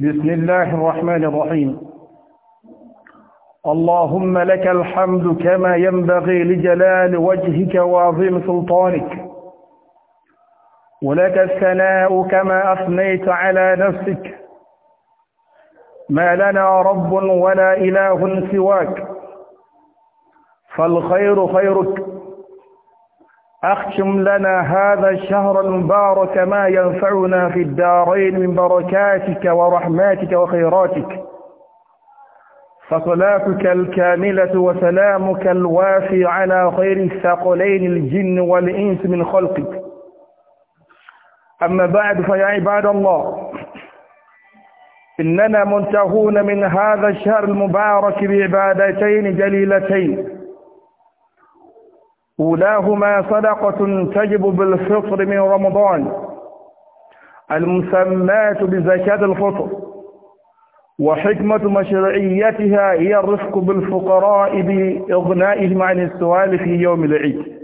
بسم الله الرحمن الرحيم اللهم لك الحمد كما ينبغي لجلال وجهك وعظيم سلطانك ولك الثناء كما أثنيت على نفسك ما لنا رب ولا إله سواك فالخير خيرك أختم لنا هذا الشهر المبارك ما ينفعنا في الدارين من بركاتك ورحماتك وخيراتك فصلاتك الكاملة وسلامك الوافي على خير الثقلين الجن والإنس من خلقك أما بعد فيا عباد الله إننا منتهون من هذا الشهر المبارك بعبادتين جليلتين أولاهما صدقة تجب بالفطر من رمضان المسمات بزكاة الفطر وحكمة مشرعيتها هي الرفق بالفقراء بإغنائهم عن السؤال في يوم العيد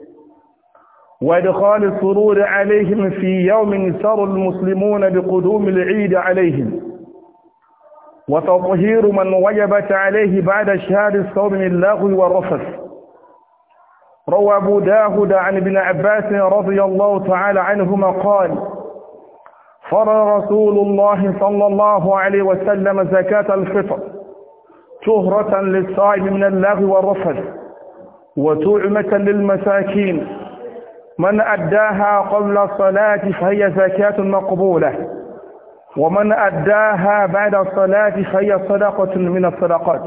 وإدخال السرور عليهم في يوم سر المسلمون بقدوم العيد عليهم وتطهير من وجبت عليه بعد شهاد الصوم من اللغو والرفث روى أبو داود عن ابن عباس رضي الله تعالى عنهما قال فر رسول الله صلى الله عليه وسلم زكاة الفطر شهرة للصائم من اللغو والرفث وتعمة للمساكين من أداها قبل الصلاة فهي زكاة مقبولة ومن أداها بعد الصلاة فهي صدقة من الصدقات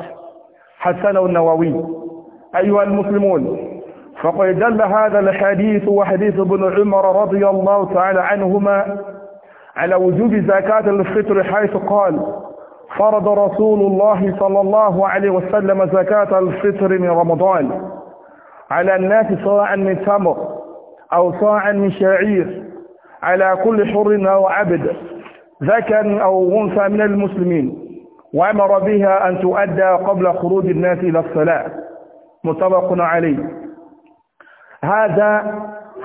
حسن النووي أيها المسلمون فقد دل هذا الحديث وحديث ابن عمر رضي الله تعالى عنهما على وجوب زكاة الفطر حيث قال فرض رسول الله صلى الله عليه وسلم زكاة الفطر من رمضان على الناس صاعا من تمر أو صاعا من شعير على كل حر أو عبد ذكا أو أنثى من المسلمين وأمر بها أن تؤدى قبل خروج الناس إلى الصلاة متفق عليه هذا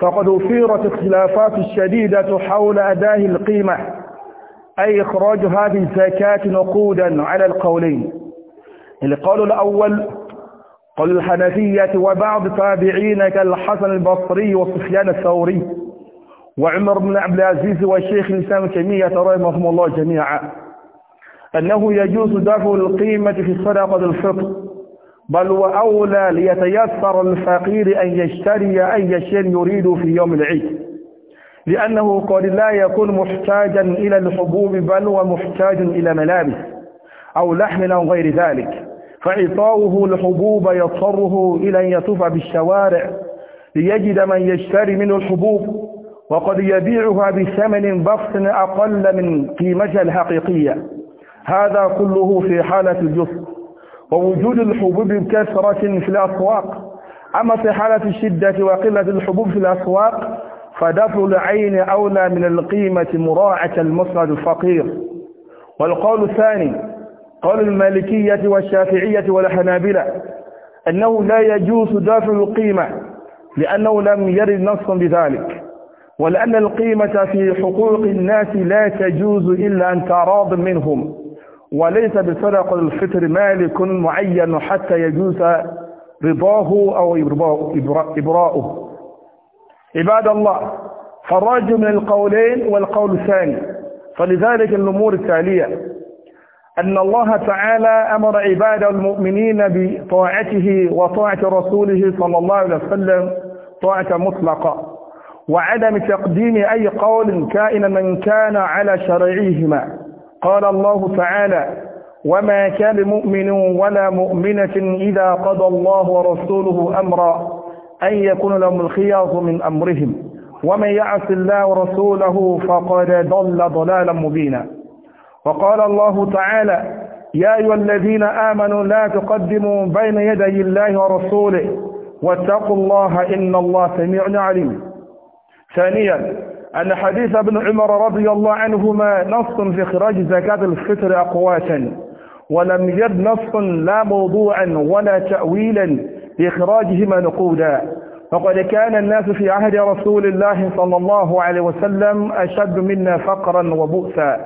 فقد أثيرت الخلافات الشديدة حول أداء القيمة أي إخراج هذه الزكاة نقودا على القولين يعني القول الأول قول الحنفية وبعض تابعين كالحسن البصري وسفيان الثوري وعمر بن عبد العزيز والشيخ الإسلام تيمية رحمهم الله جميعا أنه يجوز دفع القيمة في صدقة الفطر بل وأولى ليتيسر الفقير أن يشتري أي شيء يريد في يوم العيد لأنه قد لا يكون محتاجا إلى الحبوب بل ومحتاج إلى ملابس أو لحم أو غير ذلك فعطاؤه الحبوب يضطره إلى أن يطوف بالشوارع ليجد من يشتري منه الحبوب وقد يبيعها بثمن بخس أقل من قيمتها الحقيقية هذا كله في حالة الجسر ووجود الحبوب بكثرة في الأسواق أما في حالة الشدة وقلة الحبوب في الأسواق فدفع العين أولى من القيمة مراعة المسند الفقير والقول الثاني قول المالكية والشافعية والحنابلة أنه لا يجوز دفع القيمة لأنه لم يرد نص بذلك ولأن القيمة في حقوق الناس لا تجوز إلا أن تراض منهم وليس بصدق الفطر مالك معين حتى يجوز رضاه أو إبراؤه عباد الله فالراجع من القولين والقول الثاني فلذلك الأمور التالية أن الله تعالى أمر عباد المؤمنين بطاعته وطاعة رسوله صلى الله عليه وسلم طاعة مطلقة وعدم تقديم أي قول كائنا من كان على شرعيهما قال الله تعالى وما كان مؤمن ولا مؤمنة إذا قضى الله ورسوله أمرا أن يكون لهم الخياط من أمرهم ومن يعص الله ورسوله فقد ضل ضلالا مبينا وقال الله تعالى يا أيها الذين آمنوا لا تقدموا بين يدي الله ورسوله واتقوا الله إن الله سميع عليم ثانيا أن حديث ابن عمر رضي الله عنهما نص في إخراج زكاة الفطر أقواتا ولم يرد نص لا موضوعا ولا تأويلا لإخراجهما نقودا فقد كان الناس في عهد رسول الله صلى الله عليه وسلم أشد منا فقرا وبؤسا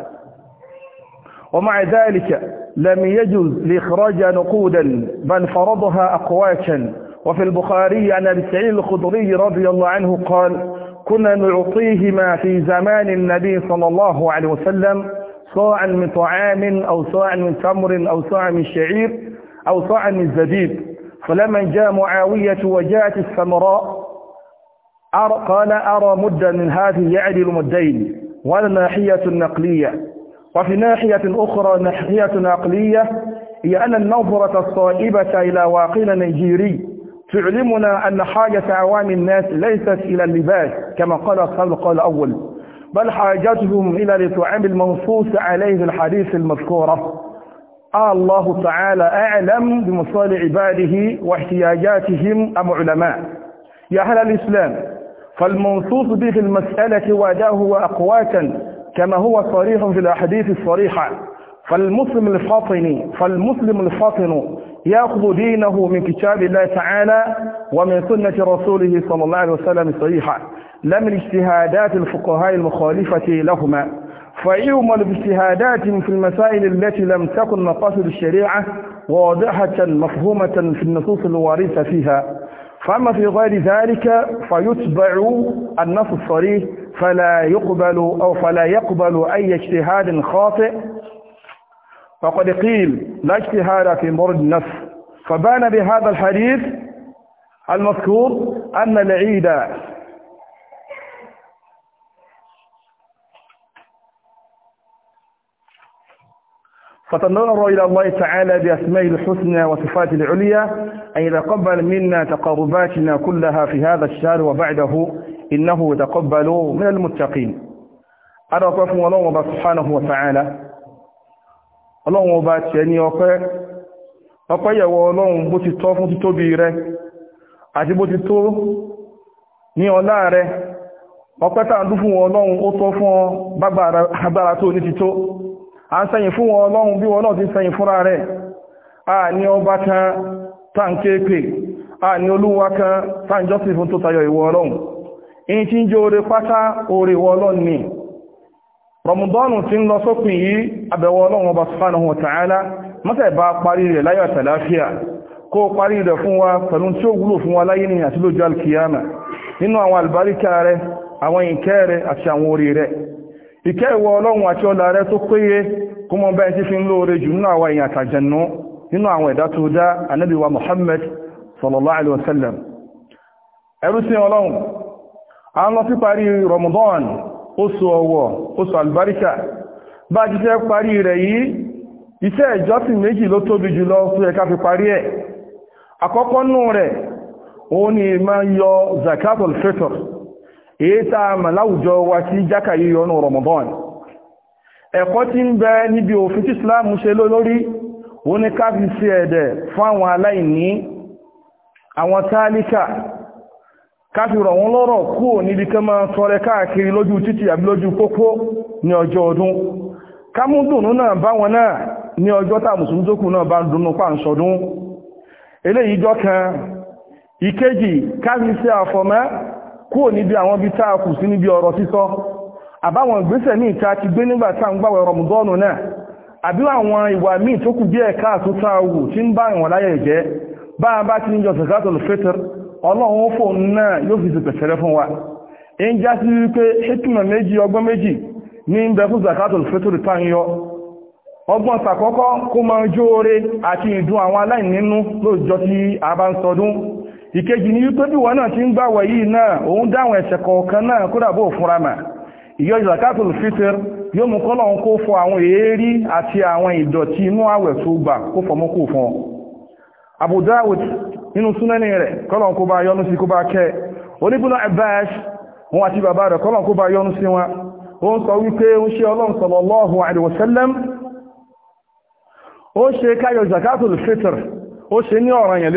ومع ذلك لم يجوز لإخراج نقودا بل فرضها أقواتا وفي البخاري عن أبي سعيد الخضري رضي الله عنه قال كنا نعطيهما في زمان النبي صلى الله عليه وسلم صاعا من طعام أو صاعا من تمر أو صاعا من شعير أو صاعا من زبيب فلما جاء معاوية وجاءت السمراء قال أرى مدا من هذه يعدل مدين ولا ناحية نقلية وفي ناحية أخرى ناحية عقلية هي أن النظرة الصائبة إلى واقعنا نيجيري تعلمنا أن حاجة عوام الناس ليست إلى اللباس كما قال أصحاب القول الأول بل حاجتهم إلى لتعام المنصوص عليه في الحديث المذكورة آه الله تعالى أعلم بمصال عباده واحتياجاتهم أم علماء يا أهل الإسلام فالمنصوص به في المسألة واداه وأقواتا كما هو صريح في الأحاديث الصريحة فالمسلم الفاطني فالمسلم الفاطن يأخذ دينه من كتاب الله تعالى ومن سنة رسوله صلى الله عليه وسلم صحيحة لا من اجتهادات الفقهاء المخالفة لهما فيعمل باجتهادات في المسائل التي لم تكن مقاصد الشريعة واضحة مفهومة في النصوص الوارثة فيها فأما في غير ذلك فيتبع النص الصريح فلا يقبل أو فلا يقبل أي اجتهاد خاطئ فقد قيل لا اجتهاد في مرض النفس فبان بهذا الحديث المذكور أن العيد فتنظر إلى الله تعالى بأسمائه الحسنى وصفاته العليا أن يتقبل منا تقرباتنا كلها في هذا الشهر وبعده إنه يتقبل من المتقين أرى طرف الله سبحانه وتعالى ọlọ́run ọba ti ẹni ọpẹ́ ọpẹ́ ọlọ́run bó ti tọ́ fún títóbi rẹ àti bó ti tó ní ọlá rẹ ọpẹ́ tàà fún ọlọ́run ó tọ́ fún agbára tó ní ti tó a ń sẹ́yìn fún ọlọ́run bí wọn náà ti sẹ́yìn fúnra rẹ̀ a ní ọba kan a ní olúwa kan fún rọmùdọ́nù tí ń lọ sópin yìí abẹ̀wọ̀ ọlọ́run ọba subhanahu wa ta'ala mọ́sẹ̀ bá parí rẹ̀ láyọ̀ àtàláfíà kó parí rẹ̀ fún wa pẹ̀lú tí ó wúlò fún wa láyé ní àti lójú alkiyama nínú àwọn àlùbáríkà rẹ̀ àwọn ìkẹ́ rẹ̀ àti àwọn orí rẹ̀ ìkẹ́ ìwọ ọlọ́run àti ọlá rẹ̀ tó péye kó mọ bẹ́ẹ̀ tí oṣù ọ̀wọ̀ oṣù albarika bá ti parí rẹ̀ yìí iṣẹ́ ìjọsìn méjì ló tóbi jùlọ fún ẹka fi parí ẹ̀ àkọ́kọ́ nù rẹ̀ òun ni ma yọ zakatul fitr èyí tá màláwùjọ wa sí jákà yíyọ Ramadan ẹ̀kọ́ ń bẹ Islam ṣe lórí òun ni fi ṣe ẹ̀dẹ̀ fún àwọn aláìní àwọn tálíkà káfí rọ̀ wọn lọ́rọ̀ kúrò níbi kẹ́ máa tọrẹ káàkiri lójú títì àbí lójú pópó ní ọjọ́ ọdún kámúdùnú náà bá wọn náà ní ọjọ́ tá mùsùlùmí náà bá eléyìí kan ìkejì káfí sí àfọ̀mẹ́ kúrò níbi àwọn tá a kù sí níbi ọ̀rọ̀ ti gbé nígbà tá à ń náà àbí àwọn ìwà míì tó kù díẹ̀ tá a wù tí ń bá ìwọ̀n láyẹ̀ jẹ́ bá a ọlọ́run fòun náà yóò fi ṣèpẹ̀sẹ̀rẹ́ fún wa ń já sí wípé hekima méjì ọgbọ́n méjì ní ń zakatul fitr tá ọgbọ́n sàkọ́kọ́ kó àti ìdùn àwọn aláìnínú lóòjọ́ tí a bá ń sọdún ìkejì ní wípé bí ti ń gbàwẹ̀ yìí náà òun dáwọn ẹ̀ṣẹ̀ kọ̀ọ̀kan náà bó fúnra mà zakatul fitr yóò mú kó fọ àwọn èérí àti àwọn ìdọ̀tí inú àwẹ̀ tó gbà kó fọmọ́ kó nínú súnẹ́ni rẹ̀ kọ́lọ̀n kó bá yọnú sí kó bá kẹ́ oníbùnà Abbas wọn àti bàbá rẹ̀ kọ́lọ̀n kó bá yọnú sí wọn ó ń sọ wípé ó ń ṣe ọlọ́run sallallahu alaihi wasallam ó ṣe káyọ̀ zakatul fitr ó ṣe ní ọ̀ràn yẹn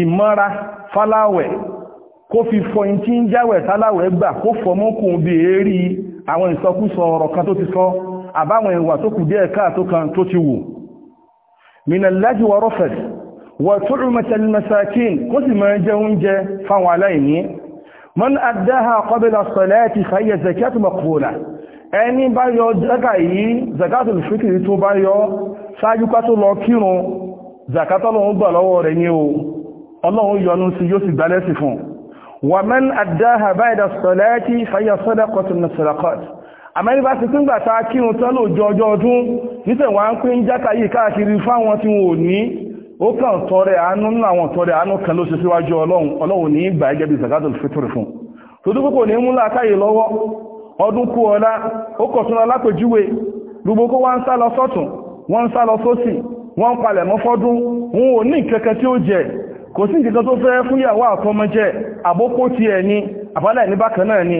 ìmọ́ra faláwẹ̀ kó fi fọyín tí ń jáwẹ̀ sáláwẹ̀ gbà kó fọmọ́kùn bí èérí àwọn ìsọkúsọ ọ̀rọ̀ kan tó ti sọ àbáwọn ìwà tó kù díẹ̀ káàtó kan tó ti wù minallaji wa rafad wa tu'matal masakin kó sì máa jẹ oúnjẹ fáwọn aláìní man addaha qabla salati fayya zakatu maqbula ẹni bá yọ zaka yìí zakatul fitri tó bá yọ ṣáájú ká tó lọ kírun zakatọ́lọ́hun gbà lọ́wọ́ rẹ̀ ní o wa man addaha ba'da salati fayya sadaqatun min sadaqat àmẹ́ríkà ti tún gbàta kírun tán lóòjọ́ ọjọ́ ọdún nítẹ̀ wá ń pín jákà yìí káàkiri fáwọn tí wọn ò ní ó kàn tọrẹ àánú nínú àwọn tọrẹ àánú kan ló ṣe síwájú ọlọ́run ọlọ́run ní ìgbà ẹgẹ́ bí zakatul fitr fún tó dúpọ̀ kò ní mú láàkáyè lọ́wọ́ ọdún kú ọlá ó kọ̀ tún lápèjúwe gbogbo kó wá ń sá lọ sọ́tún wọ́n ń sá lọ sósì wọ́n ń palẹ̀ mọ́ fọ́dún wọn ò ní kẹ̀kẹ́ tí ó jẹ kò sí nǹkan tó fẹ́ fún ìyàwó àtọmọ jẹ àbókó tiẹ̀ ni àbálẹ̀ ní bákan náà ni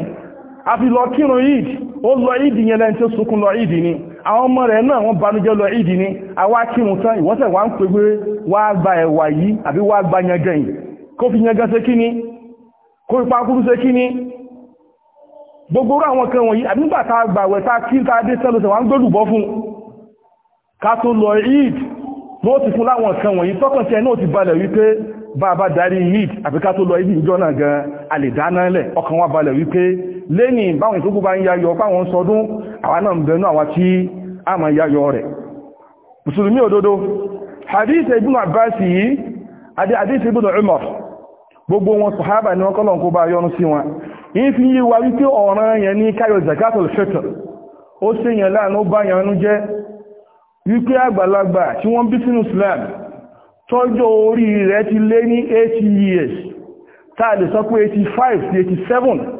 a fi lọ kírun ìd ó lọ ìd yẹn lẹ́ni tí ó sunkún lọ ìd ni àwọn ọmọ rẹ̀ náà wọ́n banújẹ́ lọ ìd ni a wá kírun tán ìwọ́sẹ̀ wá ń pè pé wá gba ẹ̀wà yìí àbí wá gba yangan ni kó ipa kúrú ṣe kí ni gbogbo àwọn kan wọ̀nyí àbí nígbà tá a gbà wẹ̀ tá a kí tá a dé sẹ́lọ̀sẹ̀ wá ń gbólùbọ́ fún ká tó lọ ìd ló ti fún láwọn kan wọ̀nyí tọ́kàn tí ẹ náà ti balẹ̀ wípé bá a bá darí ìd àbí tó lọ ìd ìjọ náà gan a lè balẹ̀ wípé lẹ́ni báwọn ìtókù bá ń yayọ páwọn sọdún àwọn náà bẹ̀rún àwọn tí a ma yayọ rẹ̀ musulmi òdodo hadith ibn abbas yìí hadith ibn umar gbogbo wọn sahaba ni wọ́n kọ́lọ̀ kó bá yọnu sí wọn in fi yí wa wípé ọ̀ràn yẹn ní káyọ zakatul fitr ó sì yẹn láàánú bá yẹnu jẹ́ wípé àgbàlagbà tí wọ́n bí sínú islam tọ́jọ́ orí rẹ̀ ti lé ní 80 years táà lè sọ pé 85 sí 87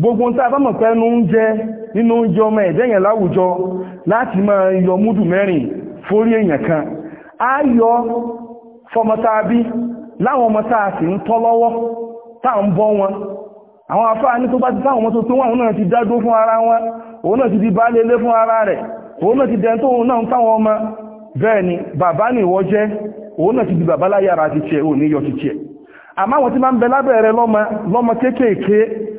gbogbo ń tàbá mọ̀ pẹ́nu ń jẹ nínú oúnjẹ ọmọ láwùjọ láti yọ múdù mẹ́rin fórí èèyàn kan a yọ fọmọtàbí láwọn ọmọ tàà sì ń tọ́ lọ́wọ́ tàà ń bọ́ wọn àwọn afáà ní tó bá ti táwọn ọmọ tó náà ti dádó fún ara wọn òun náà ti di bá lélé fún ara rẹ̀ òun náà ti tó òun náà ń ọmọ bẹ́ẹ̀ ni bàbá ìwọ ti di bàbá ti tiẹ̀ òun ní yọ ti tiẹ̀ àmọ́ àwọn tí máa ń bẹ lábẹ́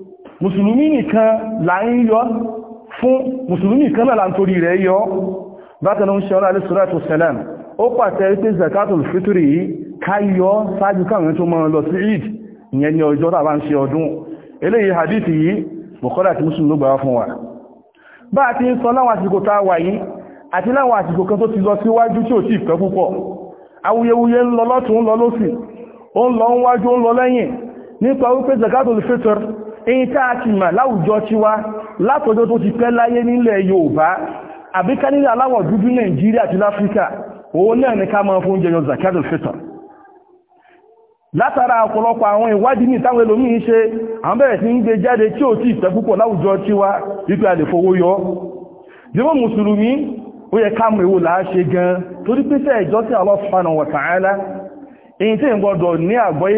mùsùlùmí nìkan là ń yọ fún mùsùlùmí nìkan náà là ń torí rẹ̀ yọ bákanáà ń ṣe ọ́nà alẹ́sọ́láàtò sẹ́lẹ̀m ó pàtẹ́ pé zakatul fitri ká sáájú káwọn tó máa lọ sí eid ìyẹn ni ọjọ́ tàbá ń ṣe ọdún eléyìí hadithi yìí Bukhari àti Muslim ló fún wa bá àti ń sọ láwọn àsìkò tá a wà yìí àti láwọn àsìkò kan tó ti lọ síwájú tí ò tí ìfẹ́ púpọ̀ awuyewuye ń lọ lọ́tún ń lọ lọ́sì ó ń lọ ń wájú ó ń lọ lẹ́yìn nípa wípé zakatul fitri èyí tá a ti mà láwùjọ tiwa látọjọ́ tó ti pẹ́ láyé nílẹ̀ Yorùbá àbíká nílẹ̀ aláwọ̀ dúdú Nàìjíríà àti láfíríkà òun náà ní ká máa fún jẹyọ zakatul fitr látara ọ̀pọ̀lọpọ̀ àwọn ìwádìí ní ìtàwọn ẹlòmíì ṣe àwọn bẹ̀rẹ̀ sí ń gbé jáde tí ò tí ìfẹ́ púpọ̀ láwùjọ tiwa wípé a lè fowó yọ yíwọ́ mùsùlùmí ó yẹ ká mọ̀ èwo làá wa ta'ala èyí tí ń gbọdọ̀ ní àgbọ́yé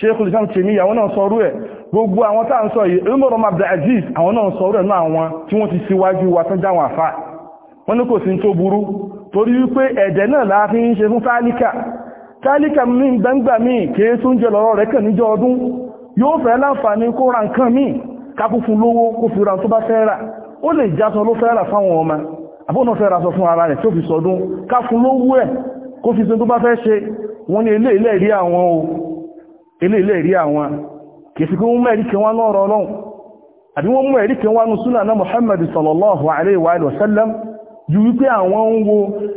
Sheikhul Islam Tèmí àwọn náà sọrú ẹ̀ gbogbo àwọn tá à ń sọ yìí Umar Abdul Aziz àwọn náà sọrú ẹ̀ náà àwọn tí wọ́n ti síwájú wa tán jáwọn àfà wọ́n ní kò sí tó burú torí wípé ẹ̀dẹ̀ náà la fi ń ṣe fún tálíkà tálíkà mi gbangba mi kìí tún jẹ lọ́rọ̀ rẹ̀ kàn níjọ ọdún yóò fẹ́ láǹfààní kó ra nǹkan mi kápú fún lówó kó fi ra tó bá fẹ́ rà ó lè jásọ ló fẹ́ rà fáwọn ọmọ àbónà fẹ́ ra sọ fún ara rẹ̀ tó fi sọdún ká fún lówó ẹ̀ kó fi tún tó bá fẹ́ ṣe wọ́n ní ilé ilé rí àwọn ilé ilé rí àwọn kìí kí wọ́n mẹ́rí kí wọ́n lọ́rọ̀ ọlọ́run àbí wọ́n mẹ́rí kí wọ́n súnà náà Muhammad sallallahu alaihi wa ju wípé àwọn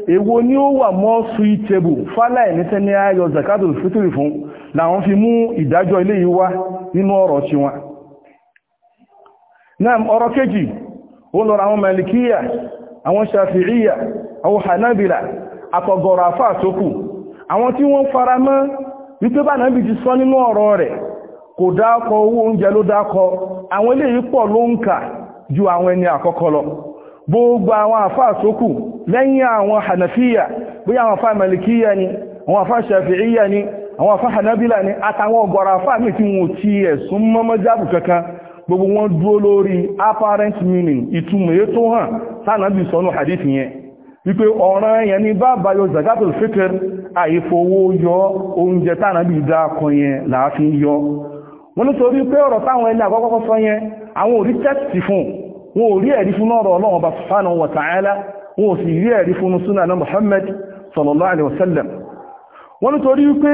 ń wo ni ó wà mọ́ ní ayọ zakadu fitri fún làwọn fi mú ìdájọ́ ilé yìí wá nínú ọ̀rọ̀ tí wọn náà ọ̀rọ̀ kejì ó lọ́rọ̀ àwọn malikiya àwọn àwọn hanabila àtọ̀gọ̀rọ̀ wípé bá náà bí ti sọ nínú ọ̀rọ̀ rẹ̀ kò dákọ owó oúnjẹ ló dákọ àwọn pọ̀ ló ń kà ju àwọn ẹni àkọ́kọ́ lọ gbogbo àwọn àfáà sókù lẹ́yìn àwọn hànàfíyà bóyá àwọn àfáà màlìkíyà ni àwọn àfáà ṣàfíìyà ni àwọn àfáà hànàbílà ni àtàwọn ọ̀gọ̀rọ̀ àfáà mi ti wọn ti ẹ̀sùn mọ́mọ́ jábù kankan gbogbo wọn lórí apparent meaning ìtumọ̀ èyí tó hàn sọnù hadith yẹn wípé ọ̀ràn yẹn ni bàbá yọ zakatul fitr àìfowó yọ oúnjẹ tánà bí dákan yẹn láàfin yọ wọ́n nítorí pé ọ̀rọ̀ táwọn ẹni àkọ́kọ́kọ́ sọ yẹn àwọn ò rí tẹ́sì fún wọn ò ẹ̀rí fún ọ̀rọ̀ ọlọ́run bá subhanahu Muhammad sallallahu alaihi wasallam wọ́n nítorí wípé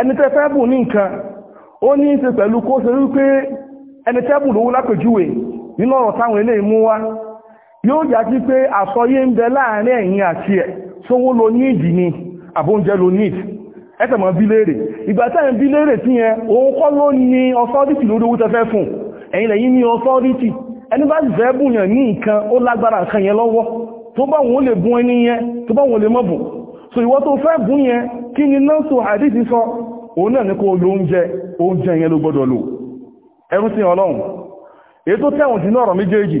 ẹni tẹ́ fẹ́ bù ní nǹkan ó ní í ṣe pẹ̀lú kó yóò yá sí pé àsọyé ń bẹ láàrin ẹ̀yin àti ẹ̀ sówó lo níìdì ni àbóúnjẹ lo níìdì ẹ́tẹ̀mọ̀ bí léèrè ìgbà tẹ́ ń bí léèrè sí yẹn òun kọ́ ló ní ọsọ́rítì lórí owó tẹ́fẹ́ fún ẹ̀yin lẹ́yìn ní ọsọ́rítì ẹni bá jẹ́ bùyàn ní nǹkan ó lágbára nǹkan yẹn lọ́wọ́ tó bá wọn lè bùn so ìwọ tó ni nọ́ọ̀sù àdìsí sọ òun náà ní kó lo oúnjẹ oúnjẹ yẹn ló gbọ́dọ̀ lò ẹrú sí ọlọ́run èyí tó tẹ̀wọ̀n sí náà ọ̀rọ̀ méjèèjì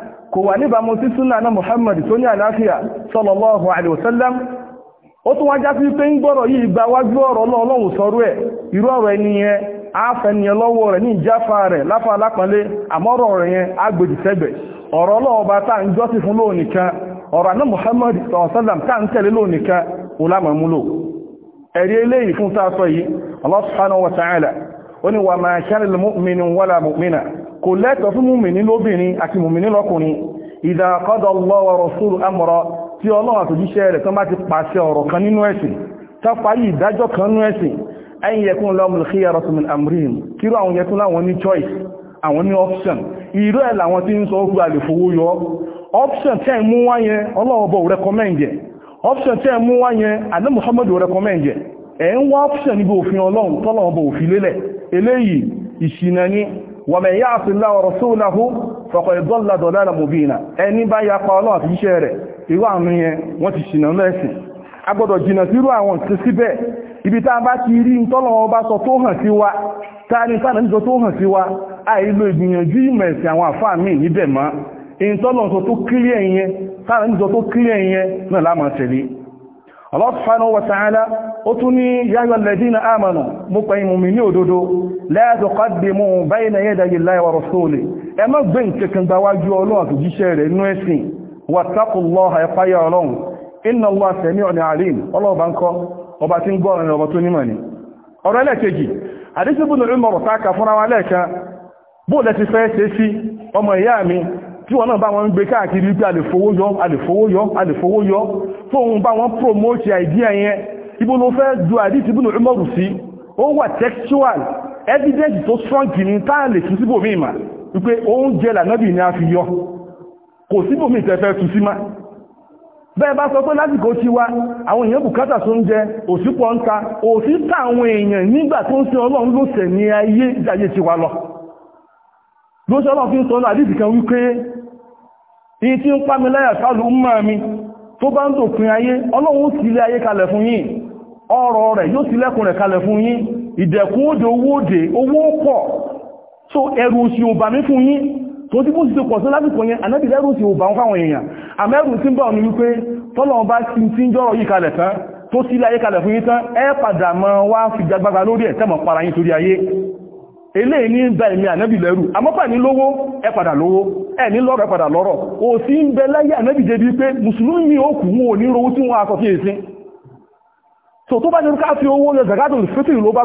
kò wà níbàmú sí súnà náà Muhammad tó ní àlàáfíà sallallahu alaihi wasallam ó tún wá já sí pé ń gbọ́rọ̀ yìí gba wájú ọ̀rọ̀ náà ọlọ́run sọ̀rọ̀ ẹ̀ irú ọ̀rọ̀ ẹni yẹn àáfẹ́niyàn lọ́wọ́ rẹ̀ ní ìjáfà rẹ̀ láfà àmọ́rọ̀ kò lẹ́tọ̀ fún mùmìnì lóbìnrin àti mùmìnì lọ́kùnrin idha qada Allahu wa rasulu amra tí ọlọ́run àtòjíṣẹ́ rẹ̀ tán bá ti pàṣẹ ọ̀rọ̀ kan nínú ẹ̀sìn tán parí ìdájọ́ kan nínú ẹ̀sìn an yakun lahumul khiyaratu min amrihim kíró ìṣìnà ní ومن يعص الله ورسوله فقد ضل ضلالا مبينا ya a gbọ́dọ̀ jìnà sí irú àwọn tí síbẹ̀ ibi tá bá ti rí tọ́lọ́wọ́ bá sọ tó hàn sí wa sọ tó hàn sí wa ìgbìyànjú ìmọ̀ ẹ̀sìn àwọn àfáà míì níbẹ̀ mọ́ ìyìn sọ tó kílẹ̀ sọ tó kílẹ̀ Allah subhanahu wa ta'ala ó tún ní ya ayyuhalladhina amanu mú pẹ̀yìn mùmí ní òdodo la tuqaddimu bayna yadayi Allahi wa rasulihi ẹ má gbé nǹkankan gbáwájú ọlọ́run àti jíṣẹ́ rẹ̀ inú ẹ̀sìn wattaqullaha tí wọ́n náà bá wọn ń gbé káàkiri pé àlèfowóyọ́ àlèfowóyọ́ àlèfowóyọ́ tó ń bá wọn promote idea yẹn ibo ló fẹ́ ju àdísì ibùnú ìmọ̀rù sí ó wà textual evidence tó strong ní táà lè tún síbò míì mà wípé oúnjẹ lànàbì ni a fi yọ kò síbò míì tẹ́fẹ́ tún sí má bẹ́ẹ̀ bá sọ pé lásìkò tí wá àwọn èèyàn bùkátà tó ń jẹ òsìpọ̀ ń ta òsì táwọn èèyàn nígbà tó ń sin ọlọ́run ló ní ayé jàyè ti wá lọ lóṣọ́lọ́ fi ń sọ náà àdísì kan wípé èyí tí ń pàmì láyà kálù ń máa mi tó bá ń dòpin ayé ọlọ́run ti ilé ayé kalẹ̀ fún yín ọrọ̀ rẹ̀ yóò ti lẹ́kùn rẹ̀ kalẹ̀ fún yín ìdẹ̀kùn òde owó òde owó pọ̀ so ẹrù òsì ò bà mí fún yín tó tí bó sì tó pọ̀ sí lásìkò yẹn ànábì lẹ́rù òsì ò bà ń fáwọn èèyàn àmẹ́rù ele ní ń bá anabi ànábì lẹ́rù lowo ní lówó ẹ padà lówó ẹ ní lọ́rọ̀ ẹ padà lọ́rọ̀ ò sí ń bẹ láyé ànábì jẹ́ bí pé mùsùlùmí ó kù wọn ò ní rówó tí wọ́n akọ̀ fi èsìn so tó bá ní ká fi owó lọ zakato fitri ló na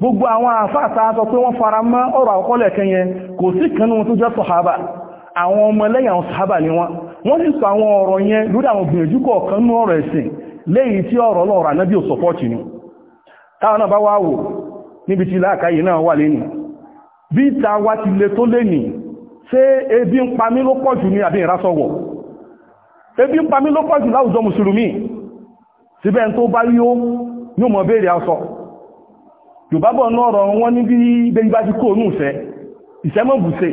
gbogbo àwọn wọ́n fara mọ́ ọ̀rọ̀ kẹyẹn kò sí kanú tó àwọn ọmọ lẹ́yìn àwọn sábà ni wọ́n wọ́n sì sọ àwọn ọ̀rọ̀ yẹn lórí àwọn gbìyànjú kọ̀ọ̀kan ní ọ̀rọ̀ ẹ̀sìn lẹ́yìn tí ọ̀rọ̀ lọ́rọ̀ ànábí ò sọpọ́ọ̀tì ni táwọn náà bá wá wò níbi tí láàkáyè náà wà lẹ́nìí bí ìta wá ti le tó lẹ́nìí ṣé ebi ń pa mí ló pọ̀ jù ní àbí ìrásọ̀wọ̀ ebi ń pa mí ló pọ̀ jù láwùjọ mùsùlùmí síbẹ̀ tó bá rí ó yóò mọ̀ béèrè aṣọ yorùbá bọ̀ náà rọrùn wọ́n ní bí bẹ́ẹ̀ bá ti kó òun ìfẹ́ ìfẹ́ mọ̀ bùsẹ̀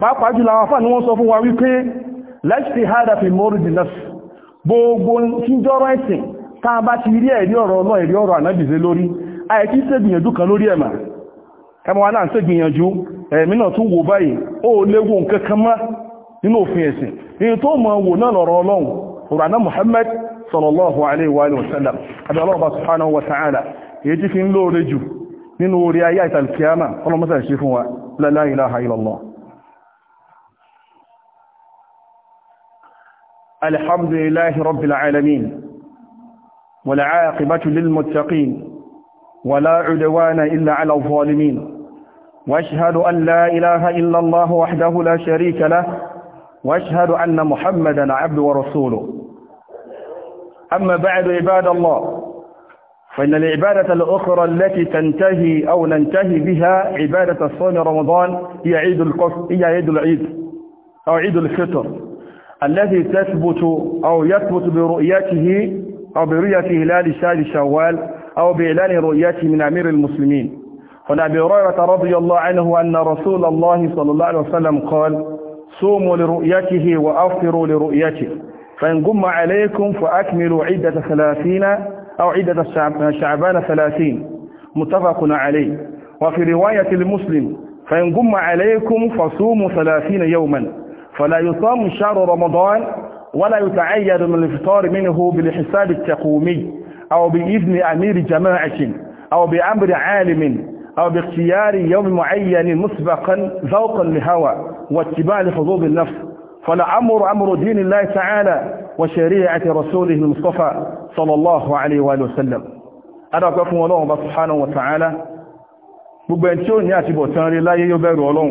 pàápàá jùlọ àwọn afáà ni wọ́n sọ fún wa wípé lẹ́ṣì hádà fi mọ́rù dìlọ́sì gbogbo tí jọrọ ẹ̀sìn tá bá ti rí ẹ̀rí ọ̀rọ̀ ọlọ́ ẹ̀rí ọ̀rọ̀ ànábìsẹ́ lórí àìkí ṣègbìyànjú kan lórí ẹ̀mà ẹmọ wa náà ṣègbìyànjú ẹ̀mí náà tún wò báyìí ó léwu nǹkan kan mọ́ nínú òfin ẹ̀sìn èyí tó mọ̀ wò náà lọ̀rọ̀ ọlọ́run ọ̀rọ̀ àná Muhammad sallallahu alaihi wa sallam adọ́lọ́ọ̀bá subhanahu wa ta'ala ṣe fún wa la ilaha illallah الحمد لله رب العالمين والعاقبة للمتقين ولا عدوان إلا على الظالمين واشهد أن لا إله إلا الله وحده لا شريك له واشهد أن محمدا عبده ورسوله أما بعد عباد الله فإن العبادة الأخرى التي تنتهي أو ننتهي بها عبادة صوم رمضان هي عيد القصر هي عيد العيد أو عيد الفطر الذي تثبت أو يثبت برؤيته أو برؤية هلال شهر شوال أو بإعلان رؤيته من أمير المسلمين وعن أبي هريرة رضي الله عنه أن رسول الله صلى الله عليه وسلم قال صوموا لرؤيته وأفطروا لرؤيته فإن قم عليكم فأكملوا عدة ثلاثين أو عدة شعبان ثلاثين متفق عليه وفي رواية لمسلم فإن قم عليكم فصوموا ثلاثين يوما فلا يصام شهر رمضان ولا يتعيد من الفطار منه بالحساب التقومي أو بإذن أمير جماعة أو بأمر عالم أو باختيار يوم معين مسبقا ذوقا لهوى واتباع لحظوظ النفس فالأمر أمر دين الله تعالى وشريعة رسوله المصطفى صلى الله عليه وآله وسلم أدعوكم الله سبحانه وتعالى gbogbo ẹni tí ó ní àtibọ̀tán rí láyé yóò bẹ̀rù ọlọ́run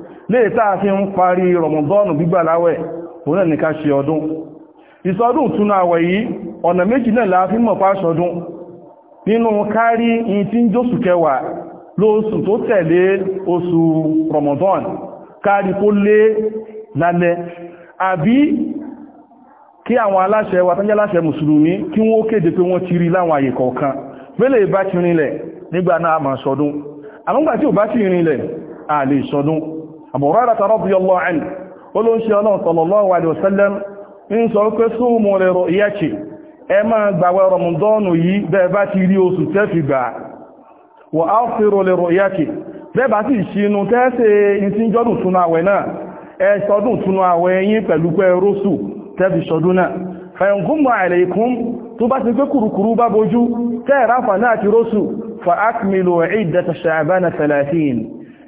lè táà fi ń parí rọmọdọ́nù gbígbà láwẹ̀ òun náà ní ká ṣe ọdún ìsọdún ìtúnu àwẹ̀ yìí ọ̀nà méjì náà la fi mọ̀ pásọdún nínú kárí in tí ń jósù kẹwàá lóòsù tó tẹ̀lé oṣù rọmọdọ́nù kárí kó lé lálẹ́ àbí kí àwọn aláṣẹ wa tán jẹ́ aláṣẹ mùsùlùmí kí wọ́n kéde pé wọ́n ti rí láwọn àyè kọ̀ọ̀kan bẹ́lẹ̀ bá nígbà náà a máa sọdún àmúgbà tí ò bá ti rinlẹ̀ a lè sọdún Abu Hurairah radiyallahu anhu olóńṣe ọlọ́run sallallahu alaihi wasallam ń sọ pé súnmù rẹ̀ rọ̀ ìyẹ́kì ẹ máa gbàwẹ̀ Ramadan yìí bẹ́ẹ̀ bá ti rí oṣù tẹ́fì gbà wọ́n á fi rọlẹ̀ rọ̀ ìyẹ́kì bẹ́ẹ̀ bá tó bá ti pé kùrùkùrù bá bojú tẹ́ẹ̀ráfà náà ti rósù fa akmilu iddata sha'bana 30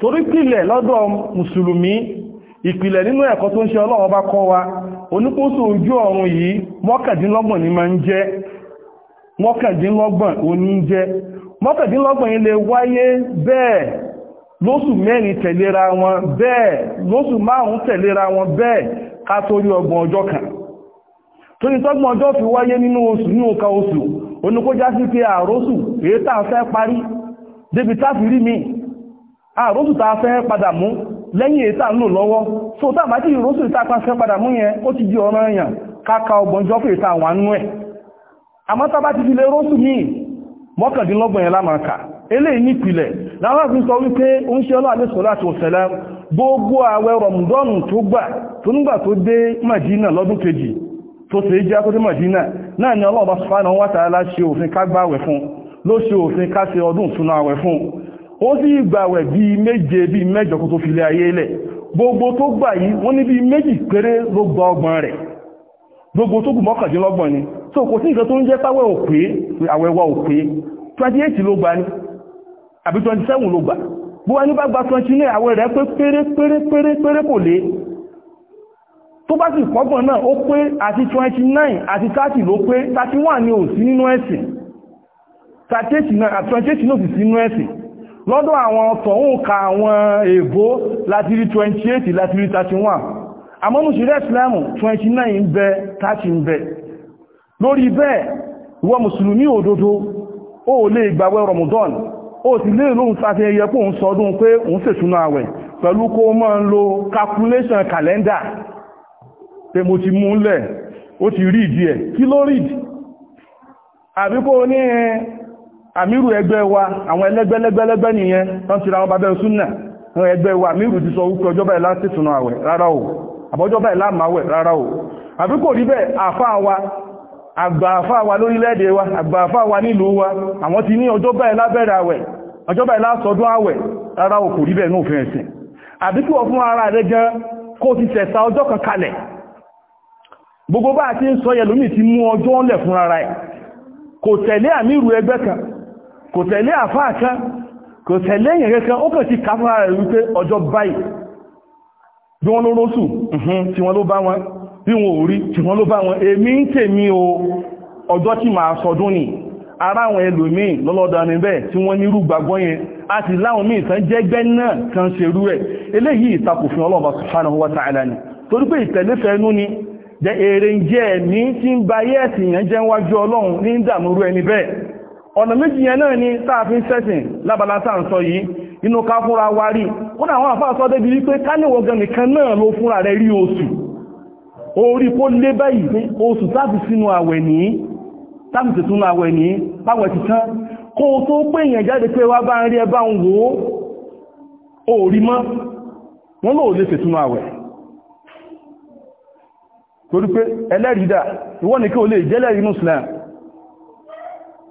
torí pìlẹ̀ lọ́dọ̀ mùsùlùmí ìpìlẹ̀ nínú ẹ̀kọ́ tó ń ṣe Ọlọ́run bá kọ́ wa onípòsò ojú ọ̀run yìí mọ́kàndínlọ́gbọ̀n ni máa ń jẹ́ mọ́kàndínlọ́gbọ̀n òní ń jẹ́ mọ́kàndínlọ́gbọ̀n yìí lè wáyé bẹ́ẹ̀ lóṣù mẹ́rin tẹ̀léra wọn bẹ́ẹ̀ lóṣù márùn-ún tẹ̀léra wọn bẹ́ẹ̀ ká torí ọgbọ̀n ọjọ́ kan tó ní tọ́gbọ̀n ọjọ́ fi wáyé nínú oṣù ní òka oṣù oníkójá sí pé àrósù èyí tàà fẹ́ parí débi táfi rí mi àrósù tá a fẹ́ padà mú lẹ́yìn ètà ń lò lọ́wọ́ so tá àbájí ìrósù tá a fẹ́ padà mú yẹn ó ti di ọ̀ràn èèyàn káka ọgbọ̀njọ́ pé ìta àwọn anú ẹ̀ àmọ́ tá bá ti fi lé rósù míì mọ́kàndínlọ́gbọ̀n yẹn lámàkà eléyìí nípìlẹ̀ láwọn fi sọ wípé ó ń ṣe ọlọ́ àlẹ́sọ̀lá àti òṣèlá gbogbo àwẹ̀ rọ̀mùdọ́nù tó gbà tó nígbà tó dé Màdínà lọ́dún kejì tó sì jẹ́ tó dé Màdínà náà ni Allah subhanahu wa ta'ala ṣe òfin ká gbàwẹ̀ fún ló ṣe òfin ká ṣe ọdún ìtúnu àwẹ̀ fún ó sì gbàwẹ̀ bí méje bí mẹ́jọ kó tó fi lé ayé lẹ̀ gbogbo tó gbà yìí wọ́n ní bí méjì péré ló gba ọgbọ̀n rẹ̀ gbogbo tó kù mọ́kàndínlọ́gbọ̀n ni so kò sí nǹkan tó ń jẹ́ páwẹ̀ òpé àwẹ̀wà òpé 28 ló gbà ní àbí 27 ló gbà bó wá ní bá gba 29 àwẹ̀ rẹ̀ pé péré péré péré péré kò lé tó bá sì kọ́gbọ̀n náà ó pé àti 29 àti 30 ló pé 31 ni ò sí nínú ẹ̀sìn 38 náà àti 28 náà sì sí nínú ẹ̀sìn lọ́dọ̀ àwọn tọ̀hún ka àwọn èbó láti rí 28 láti rí 31 àmọ́nù sílẹ̀ islamu 29 ń bẹ 30 ń bẹ lórí bẹ́ẹ̀ ìwọ mùsùlùmí òdodo ó lè gbàwẹ̀ Ramadan ó sì lè lóhun sáfẹ́ ẹyẹ kó ń sọdún pé òun ṣètúnú àwẹ̀ pẹ̀lú kó mọ́ ń lo calculation calendar pé mo ti mú lẹ̀ ó ti rí ìdí ẹ̀ kí ló rí ìdí àbíkó ní àmírù ẹgbẹ́ wa àwọn ẹlẹ́gbẹ́lẹ́gbẹ́lẹ́gbẹ́ nìyẹn tán ti ra wọn bàbẹ́ súnà àwọn ẹgbẹ́ wa àmírù ti sọ wípé ọjọ́ báyìí láti túnú àwẹ̀ rárá o àbọ́jọ́ báyìí láàmáwẹ̀ rárá o àbí rí bẹ́ẹ̀ àfáà wa àgbà àfáà wa wa àgbà àfáà wa wa àwọn ti ní ọjọ́ báyìí lábẹ̀rẹ̀ àwẹ̀ ọjọ́ báyìí lásọdún àwẹ̀ rárá o kò rí bẹ́ẹ̀ nófin ẹ̀sìn àbí kí wọ́n fún ara rẹ̀ gan kó ti tẹ̀sà ọjọ́ kan kalẹ̀ gbogbo bá a ti ń sọ yẹlòmí ti mú ọjọ́ ńlẹ̀ fún ara ẹ̀ kò tẹ̀lé àmírù ẹgbẹ́ kan kò tẹ̀lé àfáà kan kò tẹ̀lé èyàn kankan ó kàn ti káfúnra rẹ̀ wípé ọjọ́ báyìí bí wọ́n ló rọ́sù mhm, tí wọ́n ló bá wọn bí wọn ò tí wọ́n ló bá wọn èmi ń tèmi o ọjọ́ tí màá sọdún ni ara àwọn ẹlòmíì bẹ́ẹ̀ tí wọ́n yẹn a ti láwọn jẹ́gbẹ́ náà kan ṣe rú eléyìí ìtakùfin ọlọ́ọ̀bà ọlọ́run ní ìdàmúrú ẹni ọ̀nà méjì yẹn náà ni táàfin sẹ́sìn lábala tá à ń sọ yìí inú ká fúnra wa rí ó náà wọ́n àfáà sọ débi wípé káníwọ̀ gan nìkan náà ló fúnra rẹ̀ rí oṣù orí kó lé báyìí pé oṣù táàfi sínú àwẹ̀ ní táàfi tètún àwẹ̀ ní báwẹ̀ ti tán kó ìwọ́n ni kí o lè jẹ́lẹ́rìí nù Islam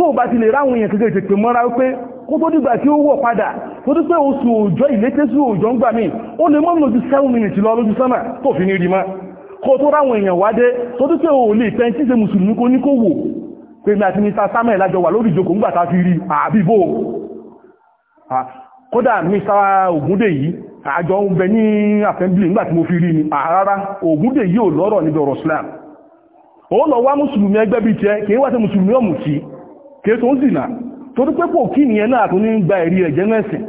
tó bá ti lè ráwọn èèyàn kékeré tètè mọ́ra wípé kó tó dìgbà tí ó wọ̀ padà tó tó pé oṣù òjò ìlétésù òjò ń gbà mí ó lè mọ́ lójú 7 minutes lọ lójú sánà tó fi ní rí má kó tó ráwọn èèyàn wádé tó tó pé ò lè fẹ́ tí ṣe mùsùlùmí kó ní kó wò pé mi àti ni àrárá Ògúndé yìí ò lọ́rọ̀ níbi ọ̀rọ̀ Islam ó lọ wá mùsùlùmí ẹgbẹ́ bíi tiẹ̀ kì í wá sí mùsùlùmí kéètò ó zìnà torí pé kò kí nìyẹn náà tó ní gba ẹ̀rí rẹ̀ jẹ́nu ẹ̀sìn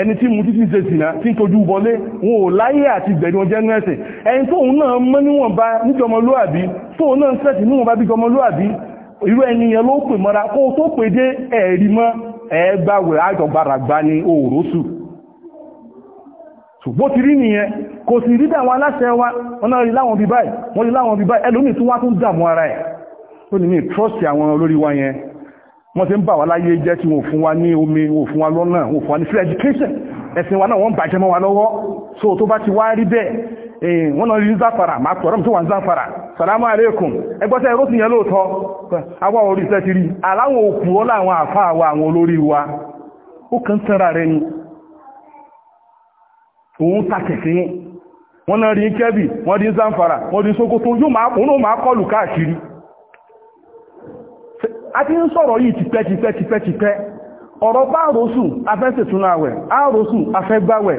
ẹni tí mú títí ṣe zìnà tí ń tojú bọlé wọn ò láyé àti gbẹ̀rí wọn jẹ́nu ẹ̀sìn ẹni tóun náà mọ́ níwọ̀nba níjọmọlúàbí tóun náà sẹ́ẹ̀tì níwọ̀nba bí jọmọlúàbí irú ẹni yẹn ló pè mọ́ra kó tó pè dé ẹ̀rí mọ́ ẹgbàwẹ̀ àjọgbàràgbà ni òòrósù ṣùgbọ́n ti rí nìyẹn kò sì rí dáwọn aláṣẹ wa wọ́n náà rí láwọn bí báyìí wọ́n rí láwọn bí báyìí tún wá tún dààmú ara ẹ̀ ó ní mi trọ́ọ̀sì àwọn olórí wa yẹn wọ́n ti ń bà wá láyé jẹ́ tí wọ́n fún wa ní omi wọ́n fún wa lọ́nà wọ́n fún wa ní free education ẹ̀sìn wa náà wọ́n bàjẹ́ mọ́ wa lọ́wọ́ so tó bá ti wá rí bẹ́ẹ̀ eh, wọ́n rí máa pọ̀ tó wà ní salamu ẹgbọ́sẹ̀ ẹ̀rọ yẹn lóòótọ́ orí iṣẹ́ ti rí òkú ọ́ láwọn àfa àwa àwọn olórí wa ó kàn rẹ ni òun wọ́n náà rí kẹ́bì wọ́n rí a ti ń sọ̀rọ̀ yìí tipẹ́ tipẹ́ tipẹ́ tipẹ́ ọ̀rọ̀ bá rọ́sùn afẹ́sẹ̀tún àwẹ̀ àrọ́sùn afẹ́gbàwẹ̀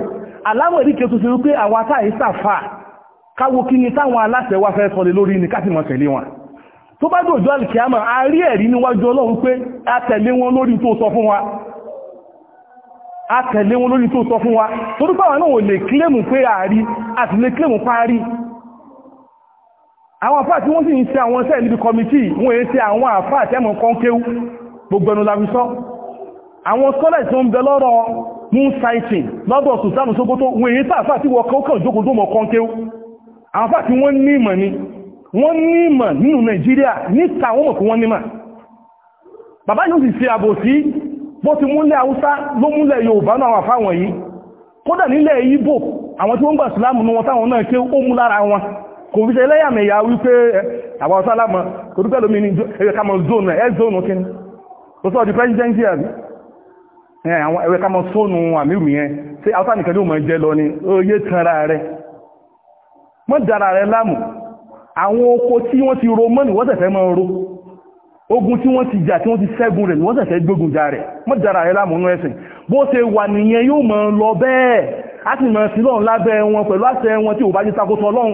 aláwẹ̀ ríkẹ́ tó ti rú pé àwọn atáyí sàfà káwo kí ni táwọn aláṣẹ wá fẹ́ sọlé lórí ní kásìmọ̀ tẹ̀lé wọn tó bá dòjò alìkìyàmọ̀ a rí ẹ̀rí níwájú ọlọ́run pé a tẹ̀lé wọn lórí tó sọ fún àwọn àfáà tí wọ́n sì ń ṣe àwọn iṣẹ́ níbi kọmitì wọ́n èé ṣe àwọn àfáà tẹ́mọ̀ kan kéwú gbogbo ẹnu la fi sọ àwọn scholars tó ń bẹ lọ́rọ̀ moon sighting lọ́dọ̀ sùsánù sókótó wọ́n èé tà àfáà tí wọ́n kọ́kọ́ ìjókòó tó mọ̀ kan kéwú àwọn àfáà tí wọ́n ní ìmọ̀ ni wọ́n ní ìmọ̀ nínú Nàìjíríà níta wọ́n mọ̀ kí wọ́n nímọ̀ bàbá yóò sì ṣe àbòsí bó ti múlẹ̀ Haúsá ló múlẹ̀ Yorùbá náà àfáà wọ̀nyí kódà nílẹ̀ Ìgbò àwọn kò fi ṣe lẹ́yàmẹ̀yà wípé àwọn sálàmà kò dúpẹ́ lómi ní ẹ̀wẹ̀kámọ̀ zone ẹ̀ zone kí ní ó sọ di president yà bí àwọn ẹ̀wẹ̀kámọ̀ zone àmìrù yẹn tí àwọn nìkan yóò mọ̀ jẹ́ lọ ní oyé tanra rẹ̀ mọ́ dára rẹ̀ láàmù àwọn oko tí wọ́n ti ro mọ́nì wọ́n tẹ̀fẹ́ mọ́ ro ogun tí wọ́n ti jà tí wọ́n ti ṣẹ́gun rẹ̀ wọ́n tẹ̀fẹ́ gbógun jà rẹ̀ mọ́ dára rẹ̀ láàmù nú ẹ̀sìn bó ṣe wà nìyẹn yóò mọ̀ lọ bẹ́ẹ̀ á sì mọ̀ sí lọ́run lábẹ́ wọn pẹ̀lú àṣẹ wọn tí ò bá jẹ́ takótọ́ ọlọ́run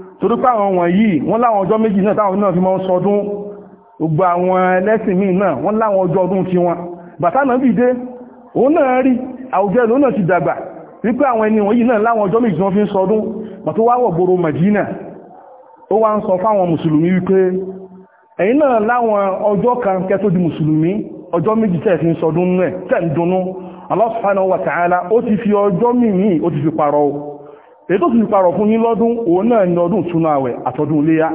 torí pé àwọn wọ̀nyí wọ́n láwọn ọjọ́ méjì náà táwọn náà fi máa ń sọdún gbogbo àwọn ẹlẹ́sìn míì náà wọ́n láwọn ọjọ́ ọdún ti wọn bàtà náà bì dé òun náà rí àwùjọ ìlú náà ti dàgbà wípé àwọn ẹni wọ̀nyí náà láwọn ọjọ́ méjì wọ́n fi ń sọdún mà tó wá wọ̀ gbòòrò Madina ó wá ń sọ fáwọn mùsùlùmí wípé ẹ̀yin náà láwọn ọjọ́ kan kẹ́tó di mùsùlùmí ọjọ́ méjì tẹ̀ fi ń sọdún náà tẹ̀ ń dunnú Allah subhanahu wa ta'ala ó ti fi ọjọ́ mìíràn ó ti fi parọ́ èyí tó sì parọ̀ fún yín lọ́dún òun náà ni ọdún túnú àwẹ̀ àtọdún iléyá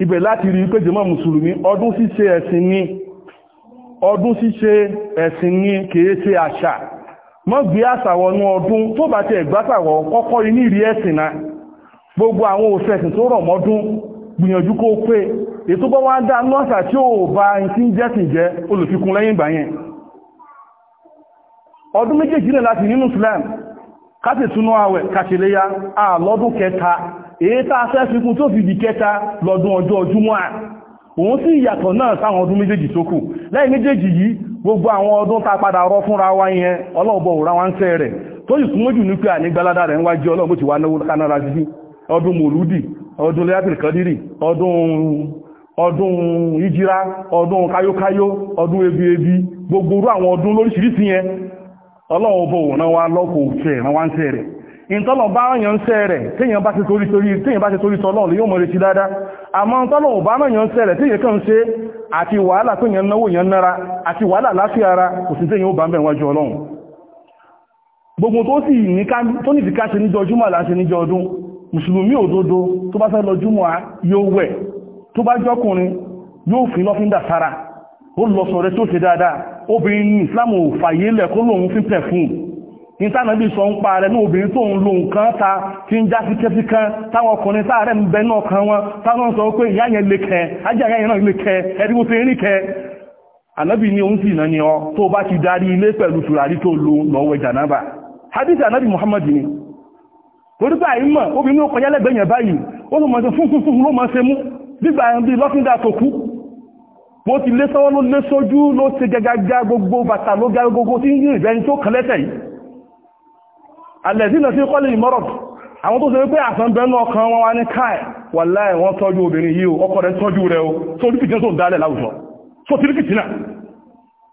ibẹ̀ láti rí pé jẹmọ́ mùsùlùmí ọdún síse ẹ̀sìn ní ọdún ṣíṣe ẹ̀sìn ni kìí ṣe àṣà mọ́ gbé àṣàwọ̀ ní ọdún tó bá ti ẹ̀gbásàwọ̀ kọ́kọ́ iní ìrí ẹ̀sìn náà gbogbo àwọn òṣẹ̀sìn tó rọ̀ mọ́dún gbìyànjú kó pé ètò bọ́ wá dá lọ́sà tí ó bá ń tí ń jẹ́sìn ọdún méjèèjì náà láti nínú Islam káti túnú àwẹ̀ kàṣìléyá àlọ́dún kẹta èyí tàà fẹ́ fikún tó fi di kẹta lọ́dún ọjọ́ ọjúmọ́ à òun sì yàtọ̀ náà sáwọn ọdún méjèèjì tó kù lẹ́yìn méjèèjì yìí gbogbo àwọn ọdún tá padà rọ fúnra wa yẹn ọlọ́ọ̀bọ̀ òra wa ń sẹ́ rẹ̀ tó yìí súnmọ́ jù ní pé ànígbáládà rẹ̀ ń wájú ọlọ́ọ̀bọ̀ ti wá náwó kánára sí ọdún mòlúdì ọdún lẹ́yàpìl kadiri ọdún ọdún ìjírá ọdún káyókáyó ọdún ebi ebi gbogbo orú àwọn ọdún lóríṣiríṣi yẹn ọlọ́wọ́ bó ràn wá lọ́kọ̀ òfẹ́ ràn wá ń tẹ́ rẹ̀ ìtọ́lọ̀ bá yàn ń sẹ́ rẹ̀ tíyàn bá ti torí torí tíyàn bá ti torí tọ́lọ̀ lè yóò mọ̀ retí dáadáa àmọ́ ìtọ́lọ̀ bá yàn ń sẹ́ rẹ̀ tíyàn kàn ṣe àti wàhálà tó yàn náwó yàn nára àti wàhálà láfíà ara kò sí tíyàn ó bá ń bẹ̀ wájú ọlọ́run gbogbo tó sì ní tó ní ìdíká ṣe níjọ ṣe dáadáa obìnrin ní islam ò fàyè lẹ́kọ́ lòun fi pẹ̀ fún ìtànàbí sọ ń pa rẹ̀ ní obìnrin tó ń lo nǹkan ta tí ń já síkẹ́ sí kan táwọn ọkùnrin ń bẹ náà kan wọn táwọn sọ pé ìyá lè kẹ ajá náà lè kẹ ẹ̀rígbó tó rí kẹ ànábì ní ni ọ tó bá ti darí ilé pẹ̀lú tùràrí tó lo lọ́wọ́ jànábà hadith ànábì muhammad ni obìnrin ó kọjá báyìí ó bó ti lé sọ́wọ́ ló lé sójú ló ti gagaga gbogbo bàtà ló ga gbogbo tí yìí ìbẹni tó kẹlẹ́tẹ̀ yìí alẹ́dínà tí kọ́lẹ̀ ìmọ́rọ̀ àwọn tó ṣe wípé àsanbẹ́nú ọkàn wọn wá ní káẹ̀ wà láì wọ́n tọ́jú obìnrin yìí ọkọ rẹ̀ tọ́jú rẹ̀ o tó ní fìtín tó ń dálẹ̀ láwùjọ tó ti rí fìtínà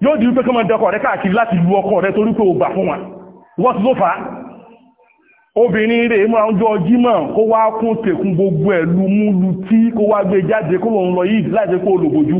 yóò di wípé kọ́mọ dẹkọ̀ rẹ̀ káàkiri láti lu ọkọ rẹ̀ torí pé ó bà fún wa wọ́n ti ló fà á obìnrin rẹ̀ mọ́ àwọn ọjọ́ jímọ̀ kó wá kún tèkún gbogbo ẹ̀ lu mú lu tí kó wá gbé jáde kó lòun lọ yìí láìsẹ́ kó lòbójú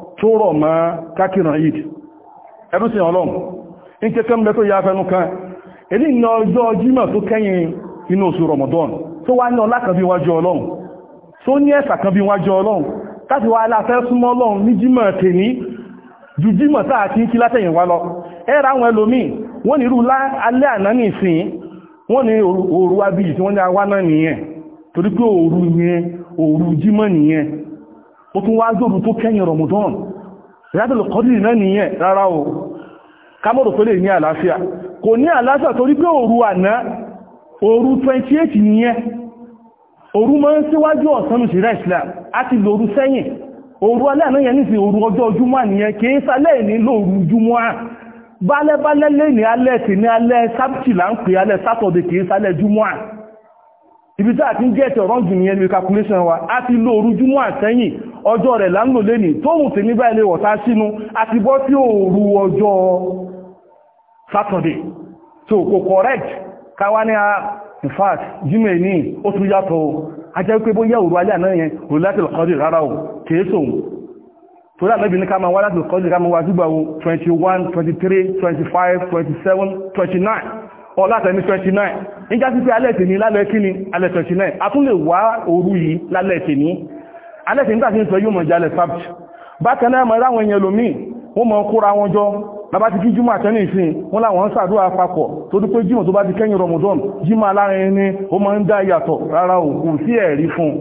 tó rọ̀ mọ́ kákìrán id ẹ̀rùn sí ọlọ́run ní kẹ́kẹ́ mẹ́ tó ya fẹ́nu kan èdè ní ọjọ́ jímọ̀ tó kẹ́yìn inú oṣù Ramadan tó wá ní ọlá kan bí wájú ọlọ́run tó ní ẹ̀sà kan bí wájú wá aláfẹ́ súnmọ́ ní jímọ̀ tèní ju jímọ̀ kí ó tún wá zòrù tó kẹ́yìn Ramadan ìyátọ̀lù kọ́dìrì náà nìyẹn rárá o kámọ́rò tó lè ní àlàáfíà kò ní àlàáfíà torí pé òru àná òru 28 nìyẹn òru máa síwájú ọ̀sán ìṣẹ́lẹ̀ Islam àti lòru sẹ́yìn òru aláàánú yẹn ní sí òru ọjọ́ ojúmọ́ nìyẹn kìí sálẹ̀ ní lòru ojúmọ́ bálẹ́bálẹ́ lè ní alẹ́ tì ní alẹ́ sábtì là ń pè alẹ́ sátọ̀dẹ̀ kìí sálẹ̀ júmọ́ ibi tí a ti ń jẹ́ ẹ̀tẹ̀ ọ̀rọ̀ jù nìyẹn ní calculation wa a ti lòru júmọ́ sẹ́yìn ọjọ́ rẹ̀ láńlò lé ní tóhùn sí ní báyìí wọ̀ta sínú àti bọ́ tí òru ọjọ́ Saturday so kò correct káwá ní a in fact Jímọ̀ ní ó tún yàtọ̀ ajẹ́ pé bóyá òru alẹ́ àná yẹn òru láti lọ́kọ́dì rárá o kèésòun torí àmẹ́bì ní ká máa wá láti lọ́kọ́dì ká máa wá sígbà wo 21 23 25 27 29 ọlátẹni 29 níjá sí pé alẹ́ tèmi lálẹ́ alẹ́sìn tàbí ń sọ yóò mọ̀ jalè sábì bákan náà mọ̀ láwọn èèyàn lòmí wọ́n mọ̀ kóra wọn jọ bàbá ti kí jímọ̀ àtẹ́ni ìsìn wọ́n láwọn ń sàdúrà papọ̀ tó dúpé jímọ̀ tó bá ti kẹ́yìn rọmọdọ́n jímọ̀ alárin ní ó máa ń dá ìyàtọ̀ rárá òkú sí ẹ̀rí fún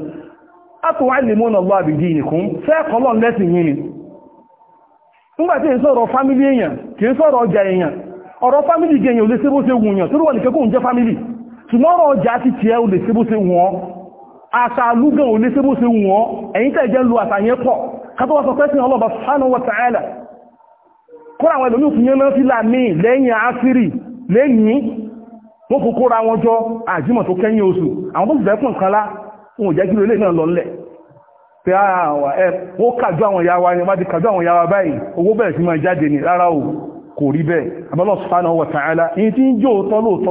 àtúwà ìlèmọ́nà lọ àbìdí ìnìkún fẹ́ẹ̀kọ́lọ́ lẹ́sìn yìí ni nígbàtí ń sọ̀rọ̀ fámílì èèyàn kì àṣà alúgbọ̀n ò lé sí bó ṣe wọ́n ẹ̀yìn tẹ́ jẹ́ lu àṣà yẹn pọ̀ kátọ́wà sọ pẹ́sìn ọlọ́bà subhanahu wa ta'ala kọ́rọ̀ àwọn ẹlòmí òfin yẹn fílà ní lẹ́yìn àásírì lẹ́yìn wọ́n kò kóra wọn jọ ah, wa ni wọ́n ti kàjú àwọn ìyá wa báyìí owó bẹ̀rẹ̀ sí máa jáde ní rárá o kò rí bẹ́ẹ̀ subhanahu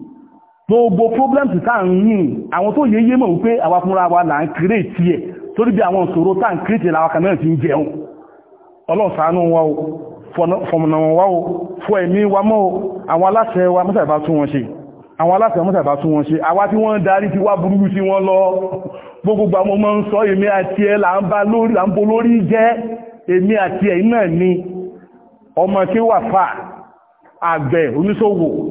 gbogbo problems tá ń yìn àwọn tó yẹyẹ mọ̀ wípé àwa fúnra wa là ń kírètì ẹ̀ torí bí àwọn ìṣòro tá ń kírètì ẹ̀ làwọn kan náà ti ń jẹun ọlọ́run ṣàánú wa o fọ̀nà wa o fọ ẹ̀mí wa mọ́ o àwọn aláṣẹ wa mọ́sà ìbá tún wọn ṣe àwọn aláṣẹ mọ́sà ìbá tún wọn ṣe àwa tí wọ́n ń darí ti wá burúkú sí wọn lọ gbogbo àwọn ọmọ ń sọ èmi àti ẹ là ń bá lórí là ń bo lórí jẹ́ èmi àti ẹ̀ náà ni ọmọ tí wà fà àgbẹ̀ oníṣòwò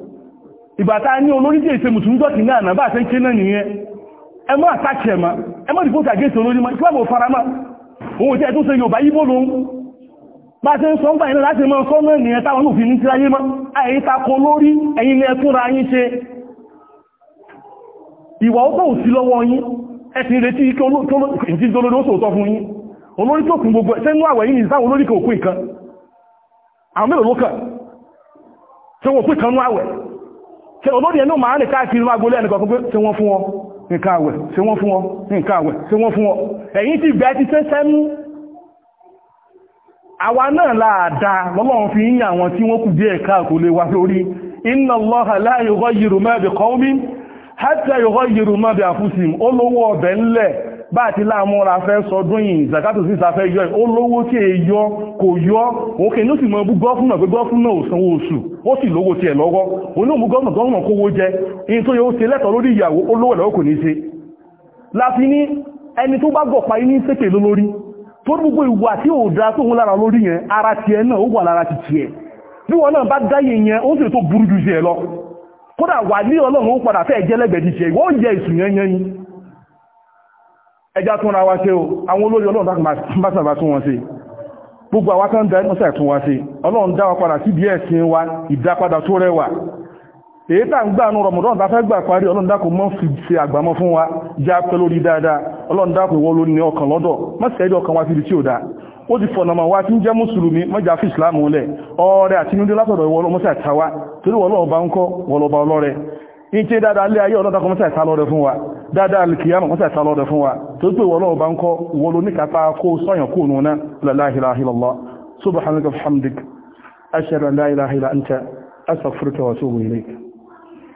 ìgbàta ní olori ìṣe mùsùlùmí jọ́kì náà náà bá ṣe ń ké náà nìyẹn ẹmọ́ àtàkì ẹ̀má ẹmọ́ ìfòsì àgẹ́sì olórímọ́ ìfẹ́bò farama òun jẹ́ tó ṣe yóò bá yíbó lóun bá ṣe ń sọ ń gbà ìrìn láti mọ́ sọ náà nìyẹn táwọn olùfin ní tíráyé ma, a lórí ẹ̀yìn olórí ṣe olórí ẹnu ma rìn káàkiri máa gbolẹ́ ẹnìkan pé ṣe wọ́n fún wọn nǹkan àwẹ̀ ṣe wọ́n fún wọn nǹkan àwẹ̀ ṣe wọ́n fún wọn ẹ̀yìn ti bẹ̀ẹ́ ti sẹ́sẹ́mú àwa náà láàdáa lọ́lọ́run fi ń yà tí wọ́n kù díẹ̀ lè wá lórí ma bi ma bi nle. bá ti láàmúra fẹ́ sọdún yìí zakatu sí ìsafẹ́ yọ ó lówó tí è yọ kò yọ òkè ní ó sì mọ̀ bú gọ́fúnà pé gọ́fúnà ò sanwó oṣù ó sì lówó tí ẹ̀ lọ́wọ́ olóòmù gọ́fúnà gọ́fúnà kówó jẹ in tó yẹ ó ṣe lẹ́tọ̀ lórí ìyàwó olówó ẹ̀lọ́wọ́ kò ní ṣe láti ní ẹni tó bá gọ̀pa ní sékè lórí tó gbogbo ti tiẹ̀ bí wọn náà bá dáyé yẹn ó sì tó burú ju ṣe ẹ lọ kódà wà ní ọlọ́run ó padà fẹ́ jẹ́lẹ́gbẹ̀ẹ́ ìwọ́n jẹ ìsùn yẹn yìí ẹjá tún ra wá sí o àwọn olóyè ọlọ́run dákùn bá sàbà tún wọn sí gbogbo àwọn tán dá mọ́sà tún wá sí ọlọ́run dá wa padà sí bí ẹ̀sìn wa ìdápadà tó rẹwà èyí tá ń gbà nù rọmọdọ́n tá fẹ́ gbà parí ọlọ́run dákùn mọ́ fi ṣe àgbàmọ́ fún wa já pẹ́ lórí dáadáa ọlọ́run dákùn ìwọ ló ní ọkàn lọ́dọ̀ mọ́sà ẹ̀dọ̀ ọkàn wa síbi tí ò in ce dáadáa lé ayé ọlọ́dá kọmọ́sá ìsálọ́dẹ fún wa dáadáa alìkìyàmọ̀ kọmọ́sá ìsálọ́dẹ fún wa tó pé wọ́n lọ́wọ́ bá ń kọ́ wọ́n ló ní kàtà kó sọ́yàn kó nù náà la ilaha illallah subhanaka wa bihamdik ashhadu